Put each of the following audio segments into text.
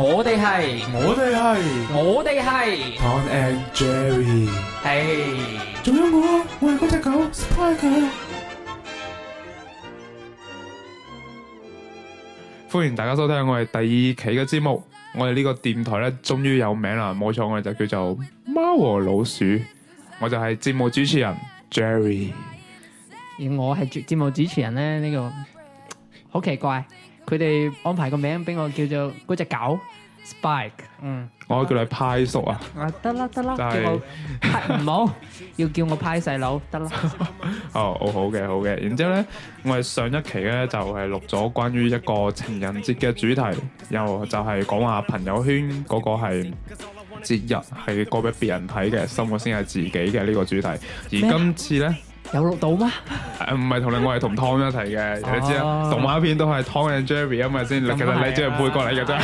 我哋係，我哋係，我哋係。Tom and Jerry，係，仲有我，我係嗰隻狗，Spike。歡迎大家收聽我哋第二期嘅節目，我哋呢個電台咧終於有名啦，冇錯，我哋就叫做貓和老鼠，我就係節目主持人 Jerry，而我係節目主持人咧，呢個好奇怪，佢哋安排個名俾我叫做嗰隻狗。Spike，嗯，我叫你派叔啊，得啦得啦，啦就係唔好要叫我派細佬，得啦。 哦，好嘅好嘅。然之後咧，我哋上一期咧就係錄咗關於一個情人節嘅主題，又就係講下朋友圈嗰個係節日係過俾別人睇嘅，生活先係自己嘅呢個主題，而今次咧。有錄到嗎？唔係同你，我係同 Tom 一齊嘅。Oh, 你知啊，動畫片都係 Tom and Jerry 啊嘛。先、嗯，其實你只係配角嚟嘅啫。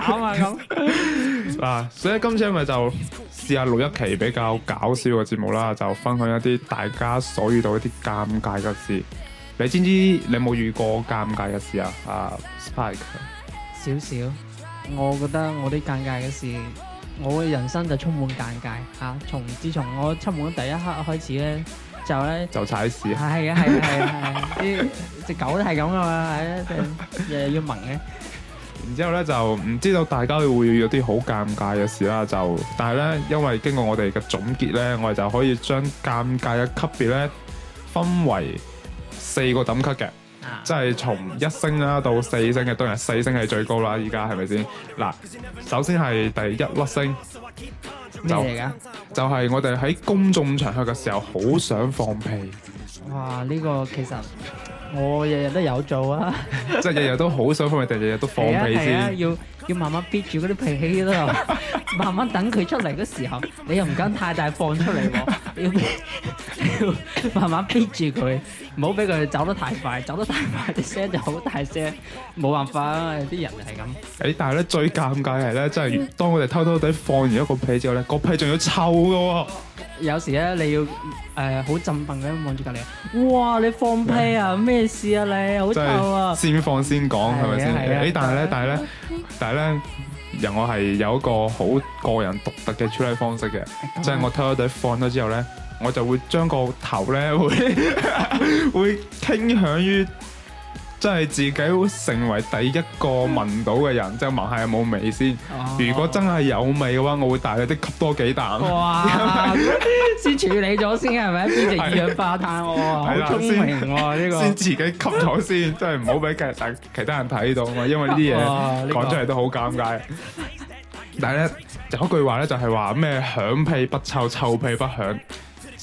好慘啊！咁嗱，所以今朝咪就試下錄一期比較搞笑嘅節目啦，就分享一啲大家所遇到一啲尷尬嘅事。你知唔知你有冇遇過尷尬嘅事啊？啊、uh，Spike 少少，我覺得我啲尷尬嘅事，我嘅人生就充滿尷尬嚇。從、啊、自從我出門第一刻開始咧。就咧就踩屎，係啊係啊係啊係，啲隻狗都係咁噶嘛，定日日要聞嘅。然之後咧，就唔知道大家會有啲好尷尬嘅事啦。就但係咧，因為經過我哋嘅總結咧，我哋就可以將尷尬嘅級別咧分為四個等級嘅，即係從一星啦到四星嘅，當然四星係最高啦。依家係咪先？嗱，首先係第一粒星。咩嚟噶？就係我哋喺公眾場合嘅時候，好想放屁。哇！呢個其實我日日都有做啊，即係日日都好想放屁，日日 都放屁先。要慢慢憋住嗰啲脾氣啦，慢慢等佢出嚟嗰時候，你又唔敢太大放出嚟喎，要要慢慢憋住佢，唔好俾佢走得太快，走得太快啲聲就好大聲，冇辦法啊，啲人係咁。誒，但係咧最尷尬係咧，真係當我哋偷偷地放完一個屁之後咧，個屁仲要臭噶。有時咧你要誒好振奮咁望住隔籬，哇！你放屁啊？咩事啊？你好臭啊！先放先講係咪先？誒，但係咧，但係咧，但係。咧，人我係有一個好個人獨特嘅處理方式嘅，即係我偷偷哋放咗之後咧，我就會將個頭咧，會 會傾向於。即係自己會成為第一個聞到嘅人，即係聞下有冇味先。如果真係有味嘅話，我會大力啲吸多幾啖。先處理咗先，係咪變成二氧化碳？哇！聰明喎，呢個先自己吸咗先，真係唔好俾其他人睇到啊，因為呢啲嘢講出嚟都好尷尬。但係咧有一句話咧，就係話咩？響屁不臭，臭屁不響。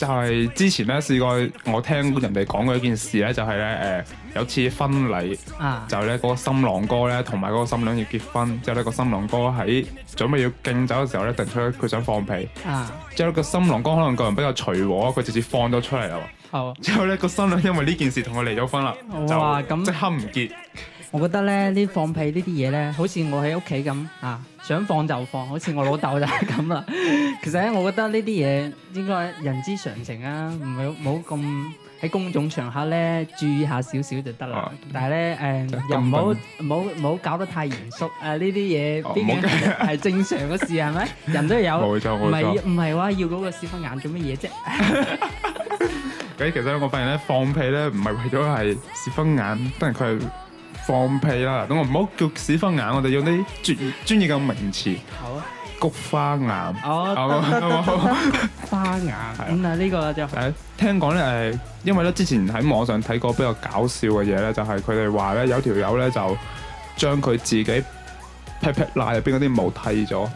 就係之前咧試過，我聽人哋講過一件事咧，就係咧誒有次婚禮，啊、就咧嗰、個新郎哥咧同埋嗰個新娘要結婚，之後咧、個新郎哥喺準備要敬酒嘅時候咧，突然出佢想放屁，啊、之後咧個新郎哥可能個人比較隨和，佢直接放咗出嚟啦，之後咧、個新娘因為呢件事同佢離咗婚啦，哇就話即刻唔結。我覺得咧呢放屁呢啲嘢咧，好似我喺屋企咁啊，想放就放，好似我老豆就係咁啦。其實咧，我覺得呢啲嘢應該係人之常情啊，唔好唔好咁喺公眾場合咧注意下少少就得啦。但係咧，誒又唔好唔好唔好搞得太嚴肅啊！呢啲嘢畢竟係正常嘅事係咪？人都有，唔係唔係話要嗰個屎忽眼做乜嘢啫？咁其實咧，我發現咧放屁咧唔係為咗係屎忽眼，但係佢。放屁啦！咁我唔好叫屎忽眼，我哋用啲專業專業嘅名詞。好啊，菊花眼。哦，花眼。咁啊呢個就誒，聽講咧誒，因為咧之前喺網上睇過比較搞笑嘅嘢咧，就係佢哋話咧有條友咧就將佢自己屁屁罅入邊嗰啲毛剃咗，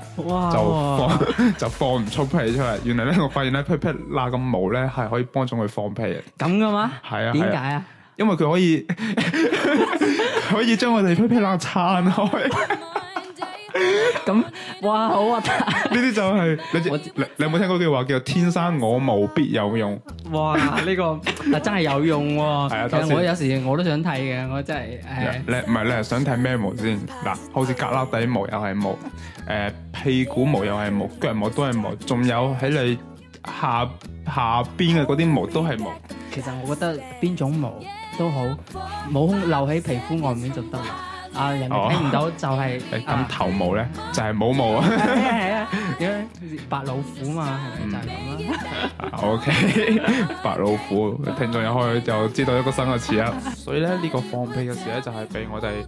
就放就放唔出屁出嚟。原來咧我發現咧屁屁罅嘅毛咧係可以幫助佢放屁嘅。咁噶嘛？係啊。點解啊？因為佢可以。可以將我哋噼噼啦撐開，咁哇好啊！呢啲就係你你有冇聽過嗰句話叫天生我毛必有用？哇！呢、這個真係有用喎！係啊， 我有時我都想睇嘅，我真係誒，唔係先你係想睇咩毛先嗱？好似胳肋底毛又係毛，誒、呃、屁股毛又係毛，腳毛都係毛，仲有喺你下下邊嘅嗰啲毛都係毛。其實我覺得邊種毛？都好，冇空留喺皮膚外面就得啦。啊，人哋睇唔到就係、是。咁、哦啊、頭毛咧， 就係冇毛啊。係啊， 白老虎嘛，係咪、嗯、就係咁啦？O K，白老虎，聽眾入去就知道一個新嘅詞啦。 所以咧，呢、這個放屁嘅事咧，就係俾我哋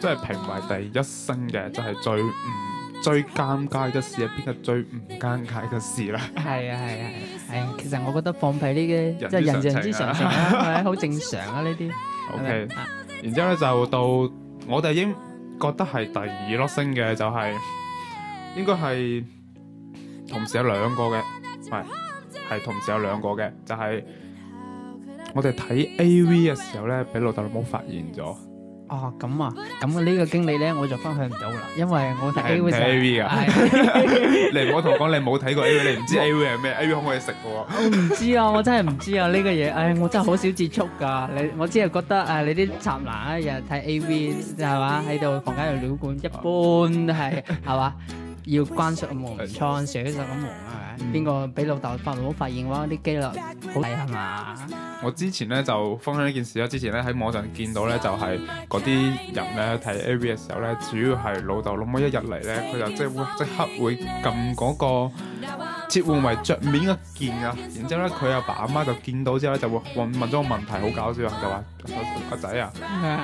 即係評為第一生嘅，就係、是、最唔。嗯最尷尬嘅事係邊個最唔尷尬嘅事啦？係啊係啊係啊！其實我覺得放屁呢啲，即係人之常情啊，好正常啊呢啲。OK， 然之後咧就到我哋應覺得係第二粒星嘅就係、是，應該係同時有兩個嘅，係係同時有兩個嘅，就係、是、我哋睇 AV 嘅時候咧，俾老豆老母發現咗。哦，咁啊，咁啊呢個經歷咧，我就分享唔到啦，因為我睇 A V 啊，嚟，你唔好同我講你冇睇過 A V，你唔知 A V 係咩？A V 可唔可以食嘅我唔知啊，我真係唔知啊，呢個嘢，唉，我真係好少接觸噶。你我只係覺得啊，你啲宅男啊，日日睇 A V，係嘛？喺度房間度尿管，一般係係嘛？要關上個門窗，寫一隻咁忙係咪？邊個俾老豆老母發現嘅、啊、話，啲機率好低係嘛？我之前咧就分享一件事啦，之前咧喺網上見到咧就係嗰啲人咧睇 AV 嘅時候咧，主要係老豆老母一入嚟咧，佢就即會即，即刻會撳嗰、那個。切換為桌面嘅鍵噶然之後咧佢阿爸阿媽就見到之後就會問問咗個問題，好搞笑啊就話：阿仔啊，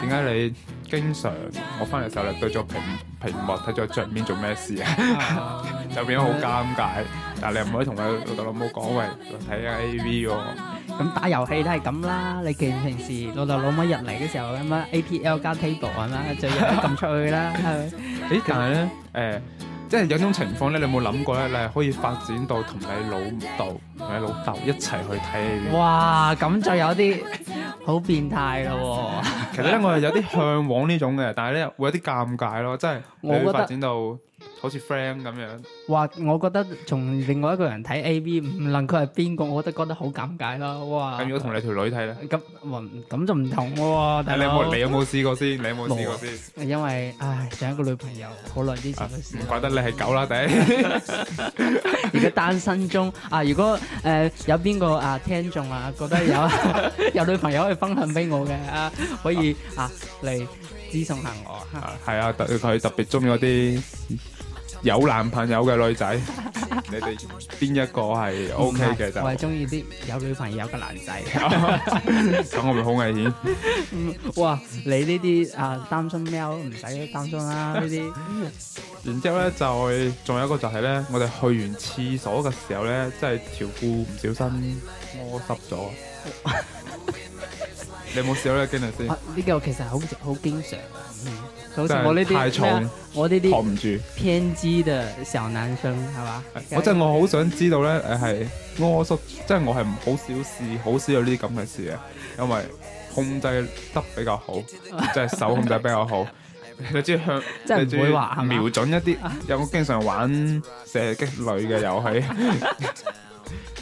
點解你經常我翻嚟時候咧對住屏屏幕睇住桌面做咩事啊？就變咗好尷尬。但係你又唔可以同佢老豆老母講，喂，我睇下 A V 哦。咁打遊戲都係咁啦。你見平時老豆老母入嚟嘅時候，咁啊 A P L 加 table 係咪？最一撳出去啦。誒，但係咧，誒。即係有種情況咧，你有冇諗過咧？你係可以發展到同你老豆、同你老豆一齊去睇戲？哇！咁就有啲 好變態咯、啊、～ 其實咧，我係有啲向往呢種嘅，但係咧會有啲尷尬咯。即係我會發展到。好似 friend 咁樣，哇！我覺得從另外一個人睇 AV，唔論佢係邊個，我都覺得好尷尬啦。哇！咁如果同你條女睇咧，咁咁就唔同喎。誒，你有冇試過先？你有冇試過先？因為唉，上一個女朋友好耐之前，唔怪得你係狗啦，第一。而家單身中啊，如果誒有邊個啊聽眾啊覺得有有女朋友可以分享俾我嘅啊，可以啊嚟諮詢下我。係啊，特佢特別中意嗰啲。有男朋友嘅女仔，你哋邊一個係 OK 嘅就？我係中意啲有女朋友嘅男仔。咁我咪好危險。哇！你呢啲啊，擔心喵，唔使擔心啦，呢啲。然之後咧就，仲有一個就係咧，我哋去完廁所嘅時候咧，即係條褲唔小心屙濕咗。你有冇試過咧，經歷先？呢個其實好好經常。我呢啲太重，我呢啲扛唔住。偏激嘅小男生係嘛？即係我好想知道咧，係阿叔，即係我係好少事，好少有呢啲咁嘅事嘅，因為控制得比較好，即係手控制比較好。你知意向，即係會話瞄準一啲。有冇經常玩射擊類嘅遊戲？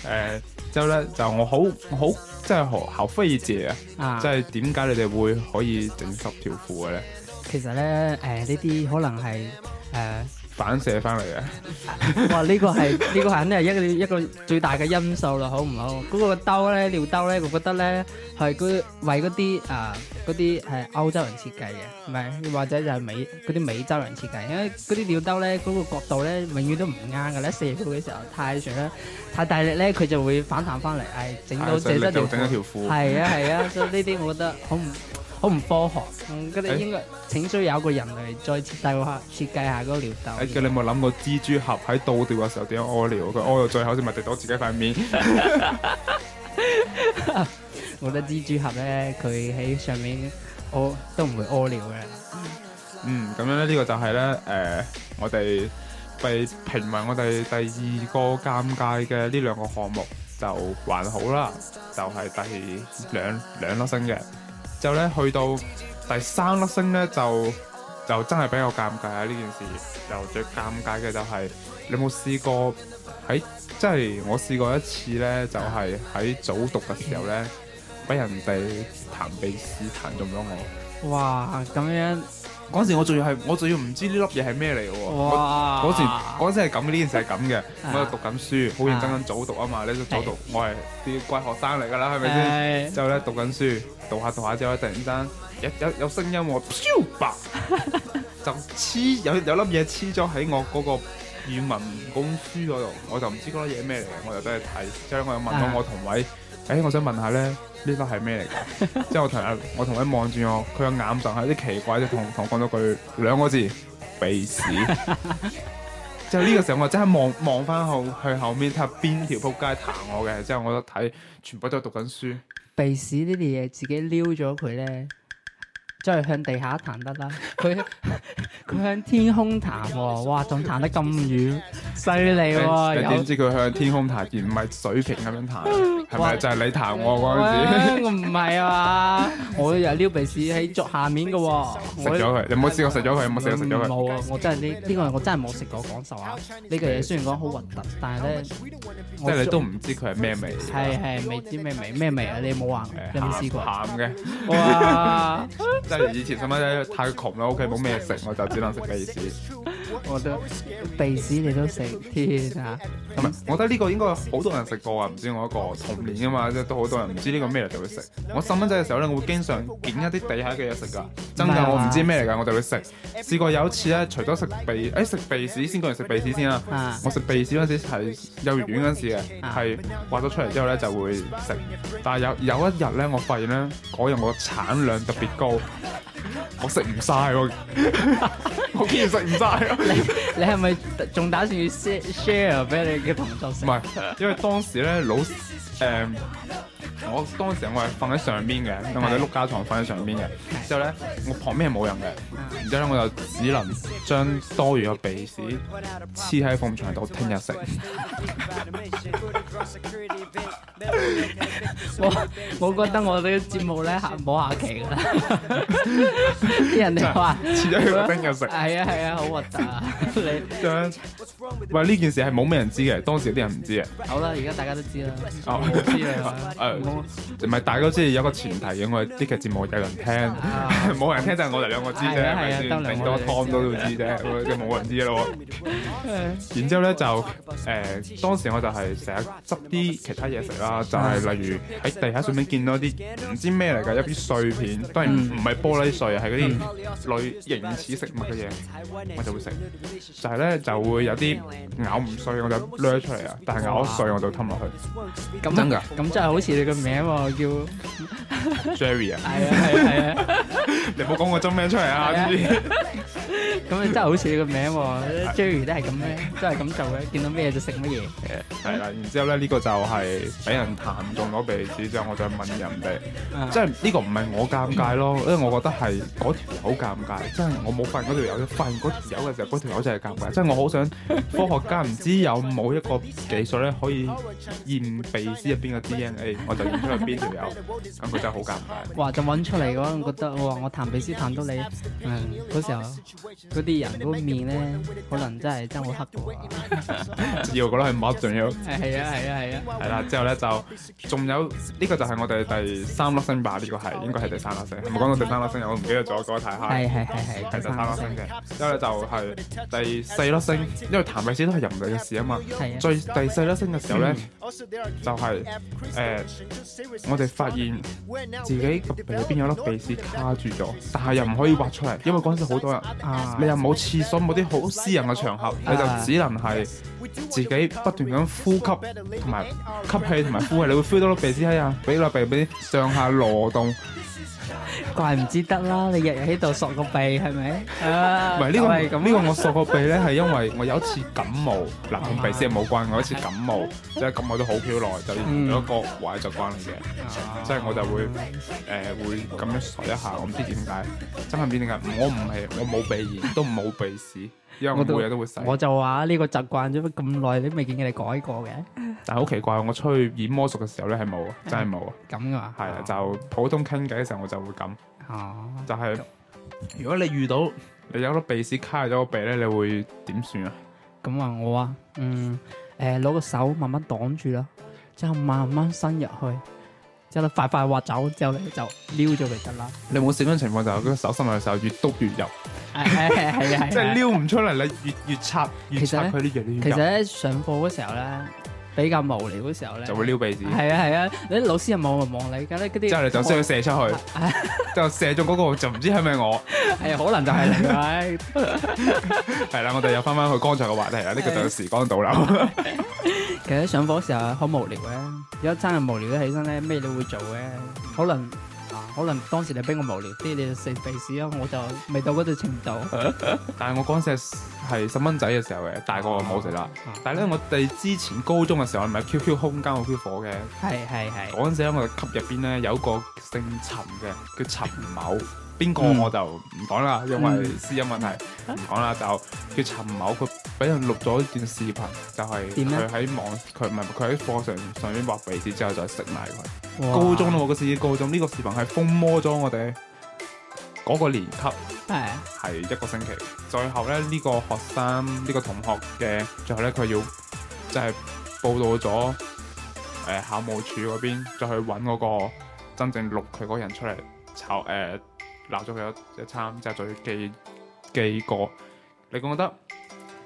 誒，之後咧就我好好即係學校飛姐啊，即係點解你哋會可以整濕條褲嘅咧？其實咧，誒呢啲可能係誒反射翻嚟嘅。 哇，呢、這個係呢、這個係肯定係一個一個最大嘅因素啦，好唔好？嗰、那個兜咧，尿兜咧，我覺得咧係嗰為嗰啲啊嗰啲係歐洲人設計嘅，唔係或者就係美嗰啲美洲人設計，因為嗰啲尿兜咧嗰個角度咧永遠都唔啱嘅，你射褲嘅時候太長太大力咧，佢就會反彈翻嚟，係整到整到條褲，係啊係啊，所以呢啲我覺得好唔。 好唔科學，咁、嗯、得應該請需要有個人嚟再設計下設計下嗰個尿兜。哎、欸，你有冇諗過蜘蛛俠喺倒吊嘅時候點樣屙尿？佢屙到最後先咪滴到自己塊面。 我覺得蜘蛛俠咧，佢喺上面屙都唔會屙尿嘅。嗯，咁樣咧，呢、這個就係、是、咧，誒、呃，我哋被評為我哋第二個尷尬嘅呢兩個項目就還好啦，就係、是、第二兩粒星嘅。就咧去到第三粒星咧，就就真係比較尷尬啊！呢件事就最尷尬嘅就係、是、你有冇試過喺即係我試過一次咧，就係、是、喺早讀嘅時候咧，俾人哋彈鼻屎彈中咗我。哇！咁樣～嗰時我仲要係，我仲要唔知呢粒嘢係咩嚟嘅喎。嗰哇時嗰陣係咁，呢件事係咁嘅。我喺度讀緊書，好認真咁早讀啊嘛。呢早讀我係啲乖學生嚟㗎啦，係咪先？ 之後咧讀緊書，讀下讀下之後突然間有有有聲音喎，漂白 就黐有有粒嘢黐咗喺我嗰個語文公書嗰度，我就唔知嗰粒嘢咩嚟嘅。我又走去睇，之後我又問咗我同位。 哎，我想問下咧，呢個係咩嚟嘅？即 後我同阿我同佢望住我，佢嘅眼神係有啲奇怪，就同同我講咗句兩個字鼻屎。之 後呢個時候我真係望望翻後去後面睇下邊條撲街彈我嘅，之後我睇全部都係讀緊書，鼻屎呢啲嘢自己撩咗佢咧。即係向地下彈得啦，佢，佢向天空彈喎、哦，哇，仲彈得咁遠，犀利喎！你點知佢向天空彈而唔係水平咁樣彈？係咪哇就係你彈我嗰、啊、陣時？唔係啊嘛，我又撩鼻屎喺桌下面嘅喎。食咗佢，你冇試過食咗佢？有冇試過食咗佢？冇啊、嗯，沒我真係呢呢個我真係冇食過，感受下呢個嘢。雖然講好核突，但係咧，即係你都唔知佢係咩味。係，係做，未知咩味？咩味啊？你冇話？嗯、你有冇試過？鹹嘅，鹹哇！ 以前細蚊仔太窮啦，屋企冇咩食，我就只能食米線。我覺得鼻屎你都食，天啊！係咪？我覺得呢個應該有好多人食過啊，唔知我一個童年啊嘛，即係都好多人唔知呢個咩嚟，就會食。我細蚊仔嘅時候咧，我會經常撿一啲地下嘅嘢食噶，真噶麼，我唔知咩嚟噶，我就會食。試過有一次咧，除咗食鼻，誒、哎、食鼻屎先，個人食鼻屎先啦。啊，我食鼻屎嗰陣時係幼兒園嗰陣時嘅，係挖咗出嚟之後咧就會食。但係有有，有一日咧，我發現咧，嗰日我產量特別高。 我食唔晒，我, 我竟然食唔晒。你你係咪仲打算要 share 俾你嘅同桌先？唔係，因為當時呢，老師。呃我當時我係瞓喺上邊嘅，咁我哋碌架床瞓喺上邊嘅。之後咧，我旁邊係冇人嘅，然之後咧我就只能將多餘嘅鼻屎黐喺鳳牆度聽日食。 我我覺得我哋節目咧下冇下期啦。啲 人哋話黐咗佢冰嘅食。係啊係， 啊，啊，啊，好核突 你啊！你喂，呢件事係冇咩人知嘅，當時有啲人唔知啊。好啦，而家大家都知啦。哦，知你。唔係，大家都知有個前提因為我啲劇節目有人聽，冇、啊、 人聽就我哋兩個知啫，係咪先？整多湯都要知啫，就冇人知咯。誒，然之後咧就誒，當時我就係成日執啲其他嘢食啦，就係、是、例如喺、欸、地下上面見到啲唔知咩嚟㗎，一啲碎片都係唔係玻璃碎啊，係嗰啲類形似食物嘅嘢，我就會食。就係、是、咧就會有啲咬唔碎，碎，我就掠出嚟啊；但係咬碎我就吞落去。咁那真㗎？咁真係好似你名叫 Jerry 啊，係啊係啊，你冇講個真名出嚟啊！咁啊真係好似你個名喎，Jerry 都係咁咧，真係咁做嘅。見到咩就食乜嘢。係啦，然之後咧呢個就係俾人彈中咗鼻屎之後，我再問人哋，即係呢個唔係我尷尬咯，因為我覺得係嗰條友尷尬，即係我冇發現嗰條友，發現嗰條友嘅時候，嗰條友真係尷尬，即係我好想科學家唔知有冇一個技術咧可以驗鼻屎入邊嘅 DNA，我就。邊條友咁，佢真係好尷尬。嘩就揾出嚟嘅，覺得我話我譚比斯彈到你，嗰時候嗰啲人嗰面咧，可能真係真好黑嘅。要覺得係抹，仲要。係啊係啊係啊。係啦，之後咧就仲有呢個就係我哋第三粒星吧。呢個係應該係第三粒星。係咪講到第三粒星？我唔記得咗嗰個太黑。係係係係第三粒星嘅。之後咧就係第四粒星，因為譚比斯都係人類嘅事啊嘛。係啊。最第四粒星嘅時候咧，就係誒。我哋發現自己鼻個鼻入邊有粒鼻屎卡住咗，但係又唔可以挖出嚟，因為嗰陣時好多人啊，你又冇廁所，冇啲好私人嘅場合，啊、你就只能係自己不斷咁呼吸同埋吸氣同埋呼氣，你會 feel 到粒鼻屎喺啊，俾、哎、個鼻俾上下挪動。怪唔知得啦，你日日喺度索個鼻係咪？唔係，呢個，咁呢個我索個鼻咧，係 因為我有一次感冒，嗱同、 啊、鼻屎冇關係，我有一次感冒， 即係感冒都好飚耐，就有一個壞習慣嚟嘅，嗯啊、即係我就會誒、嗯呃、會咁樣索一下，我唔知點解， 真係唔知點解。我唔係，我冇鼻炎，都冇鼻屎。 因為我，我都每日都會洗，我就話呢個習慣咗咁耐，你都未見佢哋改過嘅。 但係好奇怪，我出去演魔術嘅時候咧係冇，啊，真係冇啊。咁啊、嗯？係啊，的哦、就普通傾偈嘅時候我就會咁。哦，就係、是、如果你遇到你有粒鼻屎卡喺咗個鼻咧，你會點算啊？咁啊、嗯，我啊，嗯，誒、呃，攞個手慢慢擋住啦，之後慢慢伸入去，之後快快滑走之後你就撩咗咪得啦。嗯、你冇試過情況就係嗰個手伸入嘅時候越篤越入。係係係，即係撩唔出嚟，你越越插越想。佢啲越其實咧上課嗰時候咧，比較無聊嘅時候咧，就會撩鼻屎。係啊係啊，你老師又望唔望你，咁咧嗰啲，即係你就需要射出去，啊、 射就射中嗰個就唔知係咪我？係 啊，可能就係啦。係啦，我哋又翻翻去剛才嘅話題啊，呢 個就時光倒流。 其實上課嗰時候好無聊嘅。如果真係無聊得起身咧，咩都會做嘅，可能。可能當時你逼我無聊啲，你食鼻屎咯，我就未到嗰度程度。 但係我嗰陣時係細蚊仔嘅時候嘅，大個我冇食啦。 但係咧，我哋之前高中嘅時候，係咪 QQ 空間好 Q 火嘅？係係係。我嗰時喺我嘅級入邊咧，有個姓陳嘅，叫陳某。 邊個我就唔講啦，因為私隱問題唔講啦。就叫陳某，佢俾人錄咗一段視頻，就係佢喺網，佢唔係佢喺課上上面畫鼻子之後再食埋佢。哇高中咯，我嗰時高中呢、這個視頻係封魔咗我哋嗰個年級，係的一個星期。最後咧呢、這個學生呢、這個同學嘅最後咧佢要就係報道咗誒校務處嗰邊，再去搵嗰個真正錄佢嗰人出嚟炒誒。呃鬧咗佢一一餐，之後仲要記記過，你覺得？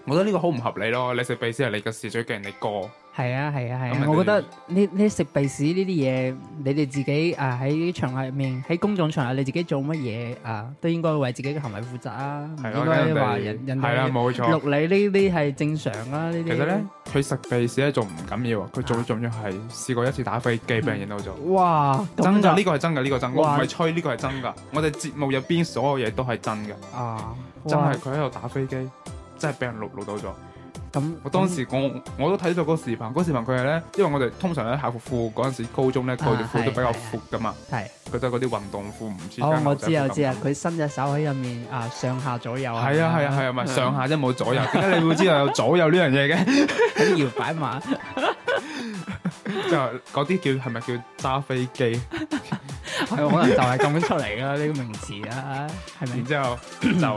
我覺得呢個好唔合理咯，你食鼻屎，係你嘅事，仲要記人哋過。.係啊係啊係啊！啊啊我，我覺得呢呢食鼻屎呢啲嘢，你哋自己啊喺啲場合入面，喺公眾場合你自己做乜嘢啊，都應該為自己嘅行為負責啊！唔係嘅應該話人，係嘅冇錯，人哋錄你呢啲係正常啊！呢啲其實咧，佢食鼻屎咧仲唔緊要，佢最重要係、啊、試過一次打飛機俾人影到咗。哇！真㗎，呢個係真㗎，呢個真，我唔係吹，呢個係真㗎。我哋節目入邊所有嘢都係真㗎。啊！真係佢喺度打飛機，真係俾人錄錄到咗。咁，我當時我我都睇咗個視頻，嗰視頻佢係咧，因為我哋通常喺校服褲嗰陣時，高中咧條褲都比較闊噶嘛，係，佢就嗰啲運動褲唔知。哦，我知啊，我知啊，佢伸隻手喺入面啊，上下左右啊，係啊，係啊，係啊，唔係上下啫，冇左右，點解你會知道有左右呢樣嘢嘅？喺搖擺嘛，就嗰啲叫係咪叫揸飛機？係可能就係咁樣出嚟啦，呢個名詞啊，係咪？然之後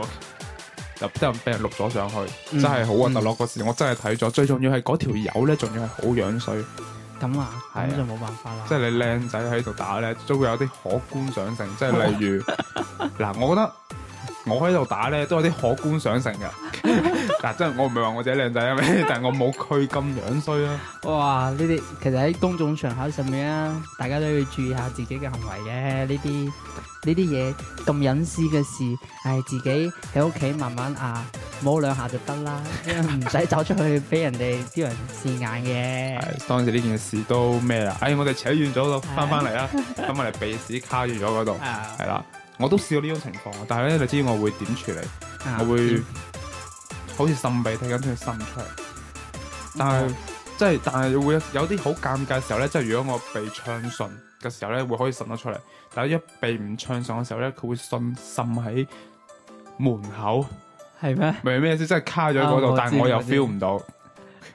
就。就真俾人錄咗上去，嗯、真係好核突咯！個事、嗯、我真係睇咗，最重要係嗰條友咧，仲要係好樣衰。咁啊，咁、啊、就冇辦法啦。即係你靚仔喺度打咧，都會有啲可觀賞性。即係例如嗱， 我覺得我喺度打咧，都有啲可觀賞性嘅。 嗱，真係我唔係話我自己靚仔啊咩，但係我冇佢咁樣衰啦。哇，呢啲其實喺公眾場合上面啊，大家都要注意下自己嘅行為嘅。呢啲呢啲嘢咁隱私嘅事，唉，自己喺屋企慢慢啊摸兩下就得啦，因為唔使走出去俾人哋啲人視眼嘅。係，當時呢件事都咩啦？哎，我哋扯遠咗度，翻翻嚟啦。咁我哋鼻屎卡住咗嗰度，係啦，我都試過呢種情況，但係咧你知我會點處理？我會。好似擤鼻涕緊點樣擤出嚟 Okay.、就是。但係即係，但係會有啲好尷尬嘅時候咧，即、就、係、是、如果我鼻暢順嘅時候咧，會可以擤得出嚟。但係一鼻唔暢順嘅時候咧，佢會滲滲喺門口。係咩嗎？明咩意思，即係卡咗喺嗰度，啊、但係我又 feel 唔到，我，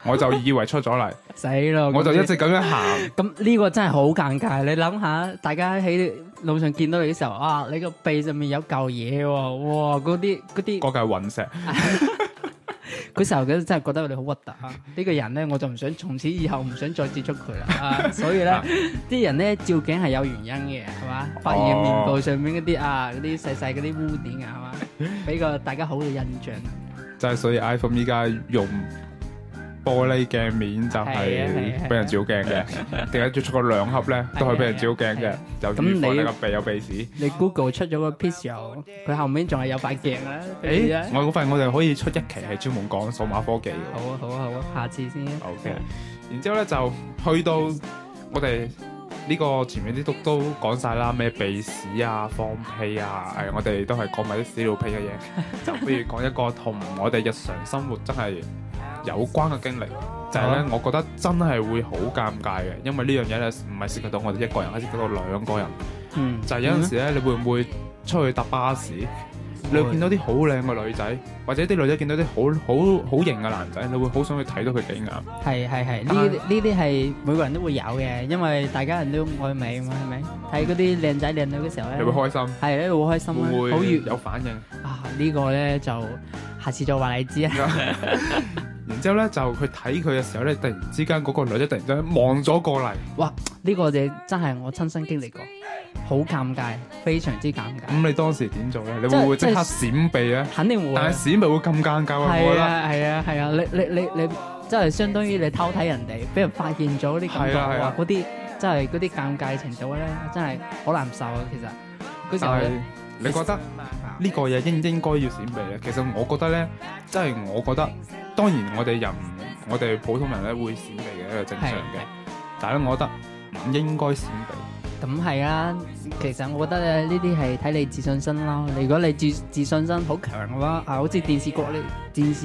我就以為出咗嚟。 死咯了！我就一直咁樣行。咁呢 個真係好尷尬。你諗下，大家喺路上見到你嘅時候，啊，你個鼻上面有嚿嘢喎。哇，嗰啲嗰啲嗰嚿隕石。 佢時候真係覺得佢哋好核突啊！呢、呢個人咧，我就唔想從此以後唔想再接觸佢啦、啊，所以咧啲 人咧照鏡係有原因嘅，係嘛？發現面部上面嗰啲、哦、啊嗰啲細細嗰啲污點啊，係嘛？俾個大家好嘅印象。 就係所以 iPhone 依家用。玻璃鏡面就係俾人照鏡嘅，點解要出個兩盒咧？都可以俾人照鏡嘅，就如果你個鼻有鼻屎，你 Google 出咗個 Pixel，佢後面仲係有塊鏡啊！誒，欸、我發現我哋可以出一期係專門講數碼科技嘅。好啊好啊好啊，下次先。O、okay. K，然之後咧就去到我哋呢個前面啲都都講晒啦，咩鼻屎啊、放屁啊，誒，我哋都係講埋啲屎尿屁嘅嘢，就不如講一個同我哋日常生活真係有關嘅經歷，就係咧，我覺得真係會好尷尬嘅，因為呢樣嘢咧唔係涉及到我哋一個人，係涉及到兩個人。嗯，就係有陣時咧，你會唔會出去搭巴士，你會見到啲好靚嘅女仔，或者啲女仔見到啲好好好型嘅男仔，你會好想去睇到佢幾眼？係係係，呢呢啲係每個人都會有嘅，因為大家人都愛美嘛，係咪？睇嗰啲靚仔靚女嘅時候咧，你會開心，係咧會好開心啦，會好有反應。啊，呢個咧就下次再話你知啊。然之後咧，就去佢睇佢嘅時候咧，突然之間嗰個女仔突然之間望咗過嚟，哇！呢個嘢真係我親身經歷過，好尷尬，非常之尷尬。咁你當時點做咧？你會唔會即刻閃避啊？肯定會。但係閃避會咁尷尬啊？係啊係啊係啊！你你你你，即係相當於你偷睇人哋，俾人發現咗啲感覺，嗰啲即係嗰啲尷尬程度咧，真係好難受啊！其實嗰時你覺得？呢個嘢應唔應該要閃避咧？其實我覺得咧，即係我覺得，當然我哋人，我哋普通人咧會閃避嘅一個正常嘅，但係我覺得唔應該閃避。咁係啊，其實我覺得咧呢啲係睇你自信心啦。如果你自自信心好強嘅話，吧啊，好似電視角咧，電視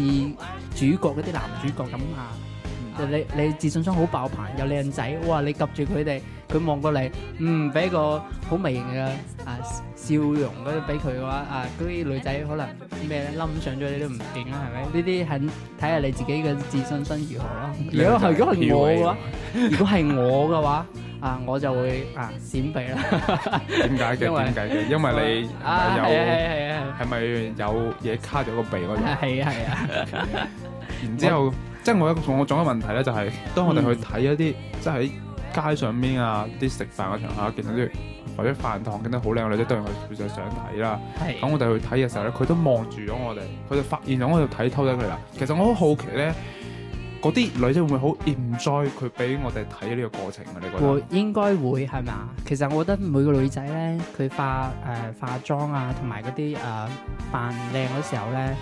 主角嗰啲男主角咁啊、嗯嗯，你你自信心好爆棚，又靚仔，哇！你及住佢哋。佢望過嚟，嗯，俾個好微型嘅啊笑容嗰啲俾佢嘅話，啊，嗰啲女仔可能咩咧冧上咗你都唔定啊，係咪？呢啲係睇下你自己嘅自信心如何咯。如果係如果係我嘅話，如果係我嘅話，啊，我就會啊閃避啦。點解嘅？點解嘅？因為你有係咪有嘢卡咗個鼻嗰度？係啊係啊。然之後，即係我我仲有一個問題咧，就係當我哋去睇一啲即係。街上面啊，啲食飯嘅場下見到啲或者飯堂見到好靚嘅女仔，都係我本身就想睇啦。咁是我哋去睇嘅時候咧，佢都望住咗我哋，佢就發現咗我哋睇偷睇佢啦。其實我好好奇咧，嗰啲女仔會唔會好 enjoy 佢俾我哋睇呢個過程啊？你覺得會應該會係咪？其實我覺得每個女仔咧，佢化誒、呃、化妝啊，同埋嗰啲誒扮靚嘅時候咧，誒、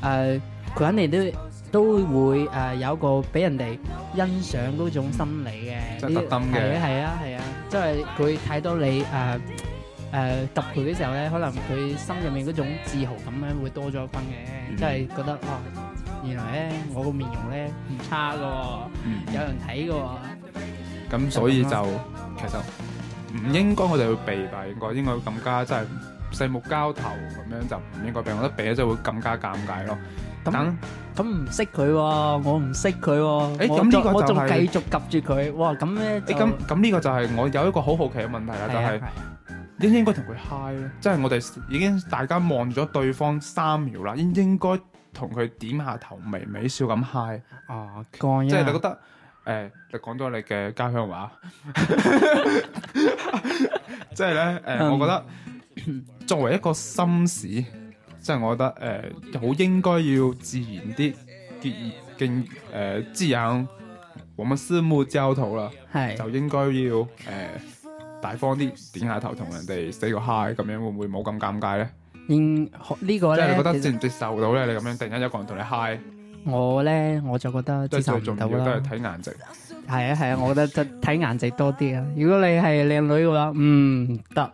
呃，佢肯定都。都會誒有一個俾人哋欣賞嗰種心理嘅，即特登嘅，係啊係啊，即係佢睇到你誒誒及佢嘅時候咧，可能佢心入面嗰種自豪感咧會多咗一分嘅，即係覺得哇，原來咧我個面容咧唔差嘅，有人睇嘅。咁所以就其實唔應該我哋就要避，但係應該應該更加即係四目交投咁樣就唔應該避，覺得避咗就會更加尷尬咯。咁咁唔識佢，我唔識佢。誒，咁呢個我仲繼續夾住佢。哇，咁咧。咁咁呢個就係我有一個好好奇嘅問題啦，就係應唔應該同佢 high 咧？即係我哋已經大家望咗對方三秒啦，應應該同佢點下頭，微微笑咁 high 啊？即係你覺得誒，你講多你嘅家鄉話，即係咧誒，我覺得作為一個紳士。即係我覺得誒，好、呃、應該要自然啲，健健誒既然，我們四目交投啦，是就應該要誒、呃、大方啲，點下頭同人哋 say 個 hi，咁樣會唔會冇咁尷尬咧？這個、呢個咧，即係你覺得接唔接受到咧？你咁樣突然間有個人同你 hi，我咧我就覺得接受唔到啦。都係睇顏值，係啊係啊，我覺得睇顏值多啲啊。如果你係靚女嘅話，嗯得。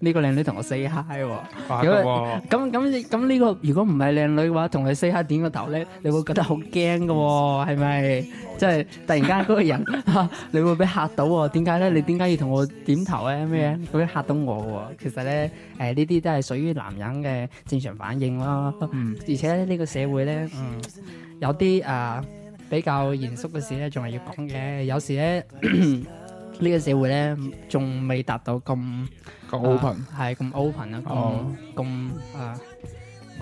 呢個靚女同我 say hi 喎、哦，咁咁咁呢個如果唔係靚女嘅話，同佢 say hi 點個頭咧，你會覺得、哦、是是好驚嘅喎，係咪、就是？即係突然間嗰個人， 啊、你會俾嚇到喎？點解咧？你點解要同我點頭咧？咩嘢？佢俾嚇到我喎？其實咧，誒呢啲都係屬於男人嘅正常反應啦。嗯，而且呢、呢個社會咧，嗯，有啲啊、呃、比較嚴肅嘅事咧，仲係要講嘅。有時咧。 呢個社會咧，仲未達到咁咁 open，係咁 open 啊，咁咁、嗯、啊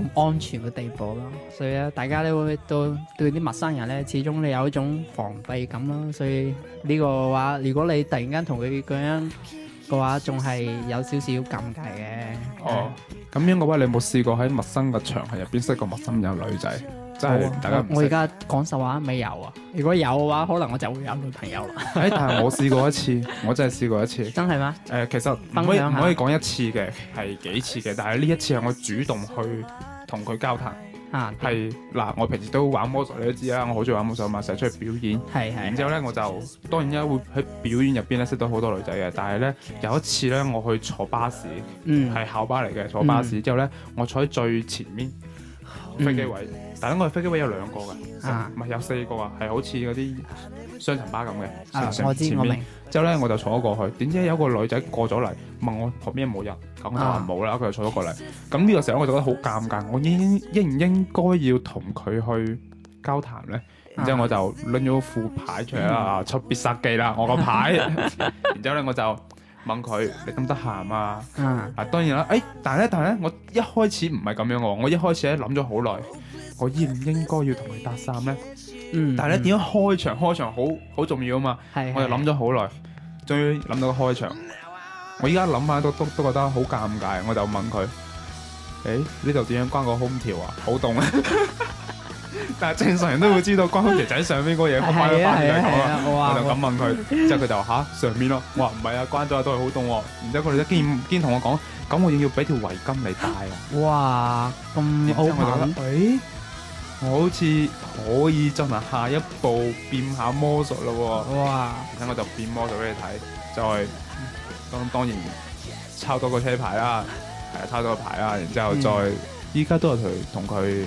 咁安全嘅地步咯。所以咧，大家都會對對啲陌生人咧，始終你有一種防備感咯。所以呢個話，如果你突然間同佢講，嘅話仲係有少少尷尬嘅。哦，咁樣嘅話，嗯、你有冇試過喺陌生嘅場合入邊識個陌生嘅女仔？即係、哦、大家我而家講實話未有啊。如果有嘅話，可能我就會有女朋友啦。誒、 欸，但係我試過一次， 我真係試過一次。真係嗎？誒、呃，其實可以唔可以講一次嘅係幾次嘅，但係呢一次係我主動去同佢交談。啊，係嗱！我平時都玩魔術，你都知啦，我好中意玩魔術嘛，成日出去表演。係係。是。然之後咧，我就當然啦，會喺表演入邊咧識到好多女仔嘅。但係咧，有一次咧，我去坐巴士，係、嗯、校巴嚟嘅，坐巴士之、嗯、後咧，我坐喺最前面、嗯、飛機位。嗯但係我哋飛機位有兩個嘅，唔係有四個啊，係好似嗰啲雙層巴咁嘅。啊，我知我明。之後咧，我就坐咗過去，點知有個女仔過咗嚟，問我旁邊冇人，咁就冇啦。佢就坐咗過嚟。咁呢個時候我就覺得好尷尬，我應應唔應該要同佢去交談咧？然之後我就拎咗副牌出嚟啦，出必殺技啦，我個牌。然之後咧，我就問佢：你咁得閒啊？啊，當然啦。誒，但係咧，但係咧，我一開始唔係咁樣嘅，我一開始咧諗咗好耐。我應唔應該要同佢搭訕咧？嗯，但係咧點樣開場？開場好好重要啊嘛！係，我又諗咗好耐，終於諗到個開場。我依家諗下都都都覺得好尷尬，我就問佢：誒呢度點樣關個空調啊？好凍啊！但係正常人都會知道關空調就喺上邊個嘢，翻返嚟講啦。我就咁問佢，之後佢就嚇上面咯。我話唔係啊，關咗都係好凍喎。然之後佢哋都竟然同我講：咁我要要俾條圍巾你戴啊！哇，咁好慘。我好似可以進行下一步變下魔術咯、哦，哇！咁我就變魔術俾你睇，再咁當然抄多個車牌啦，係啊，抄多個牌啦，然之後再依家、嗯、都有同同佢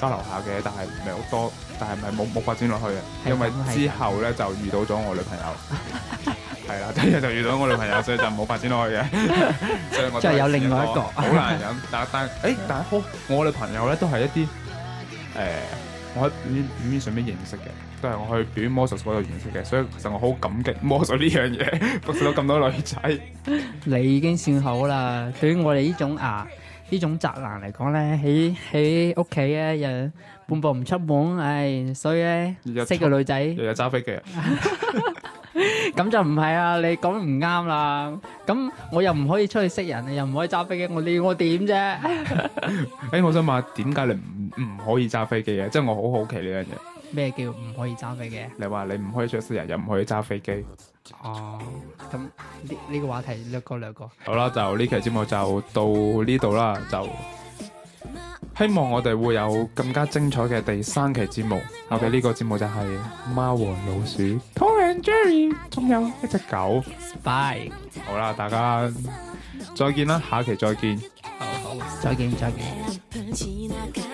交流下嘅，但係唔係好多，但係唔係冇冇發展落去，因為之後咧的就遇到咗我女朋友，係 啦，第一日就遇到我女朋友，所以就冇發展落去嘅。 所以我就係有，有另外一個好男人，但、欸、但但係好，我女朋友咧都係一啲。誒，我喺表演上邊認識嘅，都係我去表演魔術嗰度認識嘅，所以其實我好感激魔術呢樣嘢，識到咁多女仔。你已經算好啦，對於我哋呢種啊呢種宅男嚟講咧，喺喺屋企咧又半步唔出門，唉，所以咧識個女仔，又揸飛機啊，咁就唔係啊，你講唔啱啦。咁我又唔可以出去識人，又唔可以揸飛機，我你要我點啫？誒，我想問，點解你唔？唔可以揸飛機嘅，即係我好好奇呢樣嘢。咩叫唔可以揸飛機？你話你唔可以著私人，又唔可以揸飛機。哦，uh，咁，呢個話題略過略過。好啦，就呢期節目就到呢度啦，就希望我哋會有更加精彩嘅第三期節目。我哋呢個節目就係貓和老鼠，Tom and Jerry，仲有一隻狗。Bye 好啦，大家再見啦，下期再見。好，好，再見，再見。